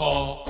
Oh.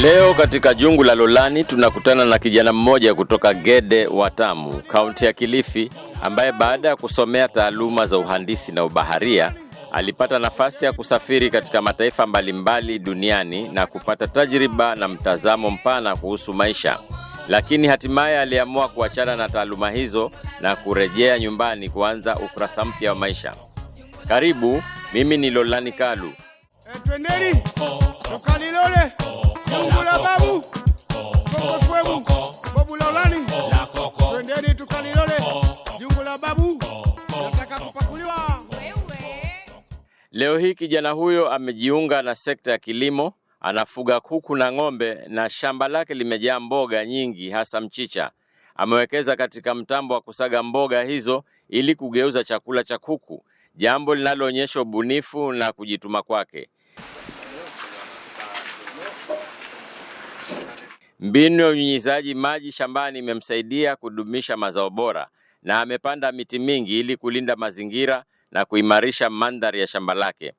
Leo katika Jungu la Lolani tunakutana na kijana mmoja kutoka Gede Watamu, kaunti ya Kilifi, ambaye baada ya kusomea taaluma za uhandisi na ubaharia alipata nafasi ya kusafiri katika mataifa mbalimbali duniani na kupata tajriba na mtazamo mpana kuhusu maisha, lakini hatimaye aliamua kuachana na taaluma hizo na kurejea nyumbani kuanza ukurasa mpya wa maisha. Karibu, mimi ni Lolani Kalu. Hey, eh, twendeni tukalilole Leo hii kijana huyo amejiunga na sekta ya kilimo, anafuga kuku na ng'ombe, na shamba lake limejaa mboga nyingi, hasa mchicha. Amewekeza katika mtambo wa kusaga mboga hizo ili kugeuza chakula cha kuku, jambo linaloonyesha ubunifu na kujituma kwake. Mbinu ya unyunyizaji maji shambani imemsaidia kudumisha mazao bora na amepanda miti mingi ili kulinda mazingira na kuimarisha mandhari ya shamba lake.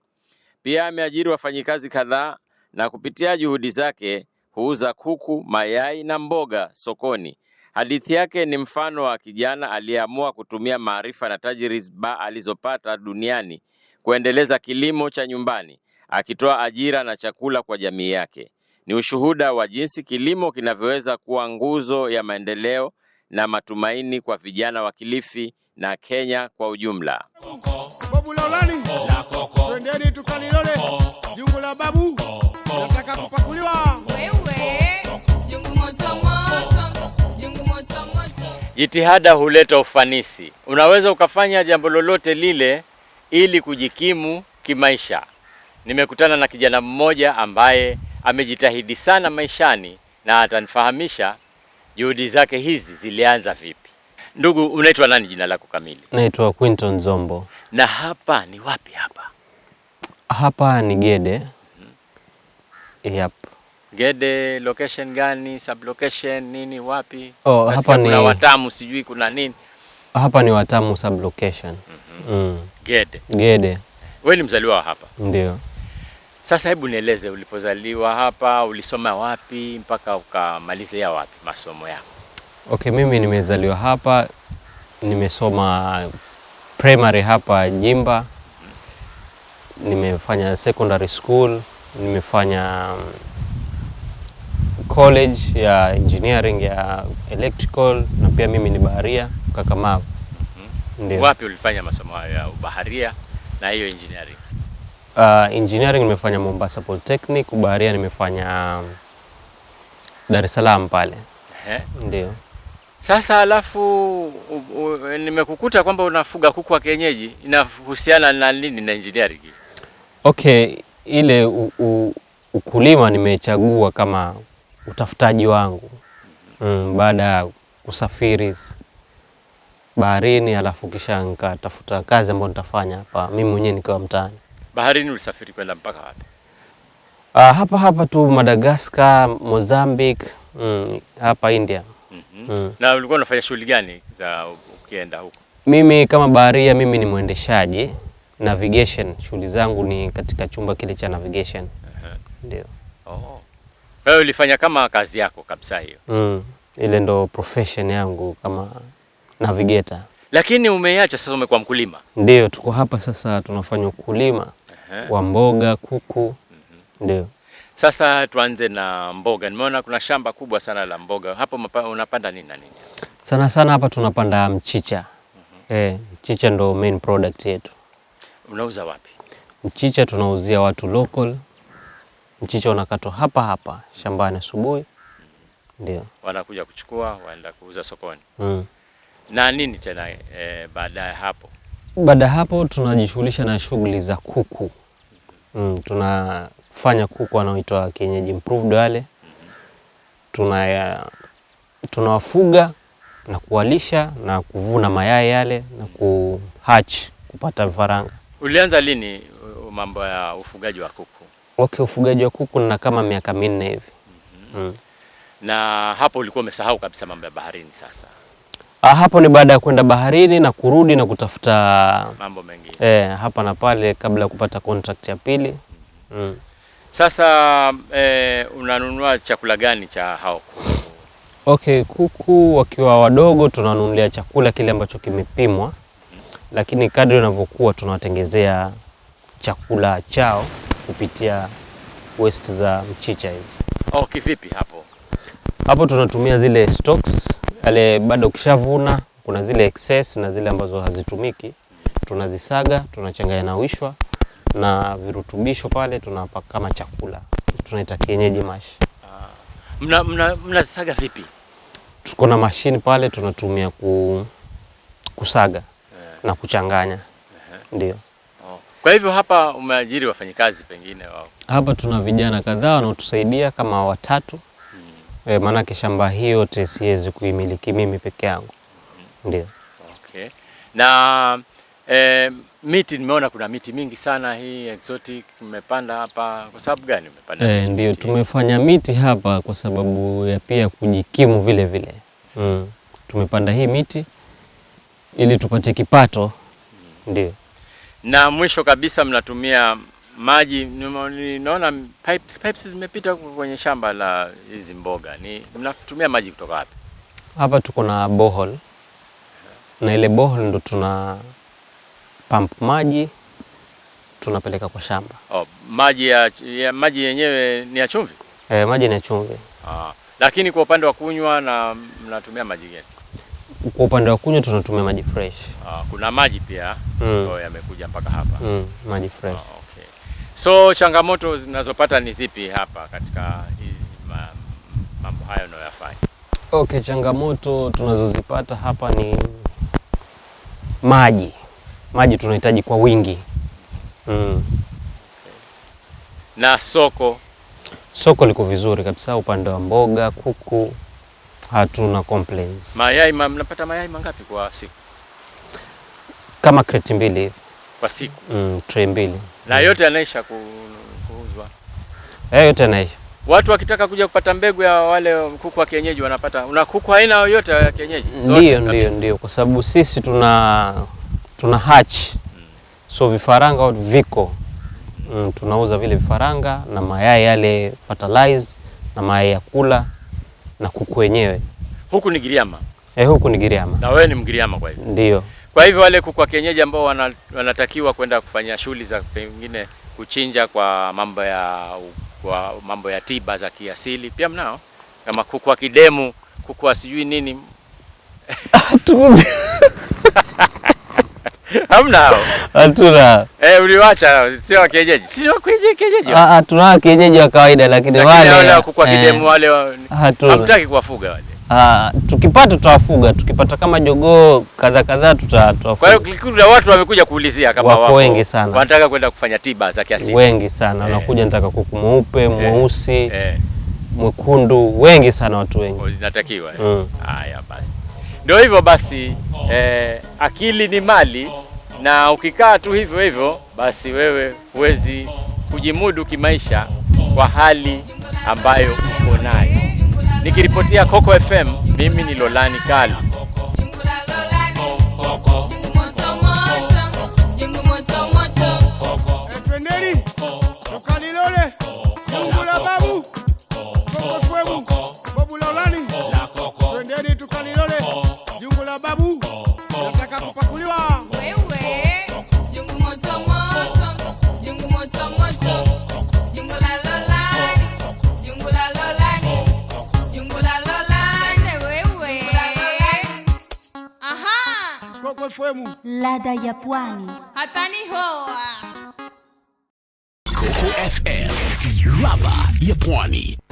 Pia ameajiri wafanyikazi kadhaa na kupitia juhudi zake huuza kuku, mayai na mboga sokoni. Hadithi yake ni mfano wa kijana aliyeamua kutumia maarifa na tajriba alizopata duniani kuendeleza kilimo cha nyumbani, akitoa ajira na chakula kwa jamii yake. Ni ushuhuda wa jinsi kilimo kinavyoweza kuwa nguzo ya maendeleo na matumaini kwa vijana wa Kilifi na Kenya kwa ujumla. Babu twendeni tukalilole jungu la babu, nataka kupakuliwa. Jitihada huleta ufanisi. Unaweza ukafanya jambo lolote lile ili kujikimu kimaisha. Nimekutana na kijana mmoja ambaye amejitahidi sana maishani na atanifahamisha juhudi zake hizi zilianza vipi. Ndugu, unaitwa nani? Jina lako kamili? Naitwa Quinton Zombo. Na hapa ni wapi? Hapa hapa ni Gede. mm-hmm. Yep. Gede location gani? Sub location nini? Wapi? Oh, hapa ni... kuna Watamu sijui kuna nini hapa ni Watamu sub location. mm -hmm. mm. Gede. Gede. Wewe ni mzaliwa wa hapa? Ndio. Sasa hebu nieleze, ulipozaliwa hapa, ulisoma wapi mpaka ukamalizia wapi masomo yako? Okay, mimi nimezaliwa hapa, nimesoma primary hapa jimba nimefanya secondary school, nimefanya um, college ya engineering ya electrical na pia mimi ni baharia Kakamavu. mm -hmm. Ndio. Wapi ulifanya masomo hayo ya ubaharia na hiyo engineering? uh, engineering nimefanya Mombasa Polytechnic, ubaharia nimefanya um, Dar es Salaam pale. Ndio. Sasa alafu nimekukuta kwamba unafuga kuku wa kienyeji, inahusiana na nini na engineering? Okay, ile u, u, ukulima nimechagua kama utafutaji wangu mm, baada ya kusafiri baharini, alafu kisha nikatafuta kazi ambayo nitafanya hapa mimi mwenyewe nikiwa mtaani. Baharini ulisafiri kwenda mpaka wapi? Ah, hapa hapa tu Madagascar, Mozambique, mm, hapa India. mm -hmm. mm. Na ulikuwa unafanya shughuli gani za ukienda huko? Mimi kama baharia, mimi ni mwendeshaji navigation. Shughuli zangu ni katika chumba kile cha navigation. Ndio. Oh. Wewe ulifanya kama kazi yako kabisa hiyo? Mm. Ile ndo profession yangu kama navigator. Lakini umeacha sasa, umekuwa mkulima? Ndio, tuko hapa sasa tunafanya ukulima wa mboga, mm-hmm. kuku. Mm-hmm. Ndio. Sasa tuanze na mboga. Nimeona kuna shamba kubwa sana la mboga hapo, unapanda nini na nini? Sana sana hapa tunapanda mchicha. mm E, mchicha ndo main product yetu. Unauza wapi mchicha? Tunauzia watu local. Mchicha unakatwa hapa hapa shambani asubuhi, ndio wanakuja kuchukua, waenda kuuza sokoni. mm. na nini tena e, baadaye hapo baada ya hapo tunajishughulisha na shughuli za kuku. Mm, tunafanya kuku wanaoitwa kienyeji improved wale tuna tunawafuga na kuwalisha na kuvuna mayai yale na kuhatch kupata vifaranga. Ulianza lini uh, mambo ya ufugaji wa kuku? Okay, ufugaji wa kuku na kama miaka minne hivi. mm -hmm. mm. Na hapo ulikuwa umesahau kabisa mambo ya baharini sasa? Ah, hapo ni baada ya kwenda baharini na kurudi na kutafuta mambo mengine Eh, hapa na pale kabla ya kupata contract ya pili mm. Sasa eh, unanunua chakula gani cha hao kuku? Okay, kuku wakiwa wadogo tunanunulia chakula kile ambacho kimepimwa mm. Lakini kadri unavyokuwa tunawatengezea chakula chao kupitia waste za mchicha hizi. Okay, oh, vipi hapo? Hapo tunatumia zile stocks pale bado ukishavuna, kuna zile excess na zile ambazo hazitumiki tunazisaga, tunachanganya na wishwa na virutubisho pale, tunapa kama chakula, tunaita kienyeji mash. Mna, mna, saga vipi? Tuko na mashini pale tunatumia ku, kusaga yeah, na kuchanganya yeah. Ndio. Oh. Kwa hivyo hapa umeajiri wafanyikazi pengine wao? Hapa tuna vijana kadhaa wanaotusaidia kama watatu E, maanake shamba hii yote siwezi kuimiliki mimi peke yangu. Ndio. Okay. Na e, miti nimeona kuna miti mingi sana hii exotic mmepanda hapa kwa sababu gani mmepanda? E, eh, ndio tumefanya miti hapa kwa sababu ya pia kujikimu vile vile. Mm. Tumepanda hii miti ili tupate kipato. Mm. Ndio. Na mwisho kabisa mnatumia maji naona pipes, pipes zimepita kwenye shamba la hizi mboga. Ni mnatumia maji kutoka wapi? Hapa tuko na borehole na ile borehole ndo tuna pump maji tunapeleka kwa shamba. Oh, maji ya, ya maji yenyewe ni ya chumvi? Eh, maji ni ya chumvi. Ah, lakini kwa upande wa kunywa na mnatumia maji gani? Kwa upande wa kunywa tunatumia maji fresh. Ah, kuna maji pia mm. yamekuja mpaka hapa. Mm, maji fresh. Ah. So changamoto zinazopata ni zipi hapa katika mambo hayo unayoyafanya? Okay, changamoto tunazozipata hapa ni maji. Maji tunahitaji kwa wingi mm. Na soko, soko liko vizuri kabisa upande wa mboga, kuku hatuna complaints. Mayai, mnapata mayai mangapi kwa siku? Kama kreti mbili kwa siku mm, tray mbili na mm. yote yanaisha kuuzwa eh, yote yanaisha. Watu wakitaka kuja kupata mbegu ya wale kuku wa kienyeji wanapata. Una kuku aina yoyote ya kienyeji? Ndio, ndio, ndio, kwa sababu sisi tuna tuna hatch mm. so vifaranga viko mm, tunauza vile vifaranga na mayai yale fertilized na mayai ya kula na kuku wenyewe. Huku ni Giriama. Eh, huku ni Giriama. Na wewe ni Mgiriama kwa hivyo. Ndio. Kwa hivyo wale kuku wa kienyeji ambao wanatakiwa kwenda kufanya shughuli za pengine kuchinja kwa mambo ya kwa mambo ya tiba za kiasili pia mnao, kama kuku wa kidemu, kuku wa sijui nini hamna hao? Hatuna. Eh, uliwacha sio wa kienyeji. sio wa kienyeji. Ah, ah tuna wa kienyeji wa kawaida lakini wale wale kuku wa eh, kidemu wale Hamtaki kuwafuga wale. Uh, tukipata tutawafuga, tukipata kama jogoo kadha kadhaa tutawafuga. Kwa hiyo kikundi cha watu wamekuja kuulizia kama wako wengi sana, wanataka kwenda kufanya tiba za kiasili, wengi sana eh. wanakuja eh. Nataka kuku mweupe, eh. mweusi eh. mwekundu, wengi sana, watu wengi oh, zinatakiwa eh. mm. Haya basi, ndio hivyo basi eh, akili ni mali, na ukikaa tu hivyo hivyo basi wewe huwezi kujimudu kimaisha kwa hali ambayo uko nayo. Nikiripotia Coco FM, mimi ni Lolani Kali. Eh, babu Coco babu Lolani. sehemu ladha ya pwani hatanihoa Coco FM ladha ya pwani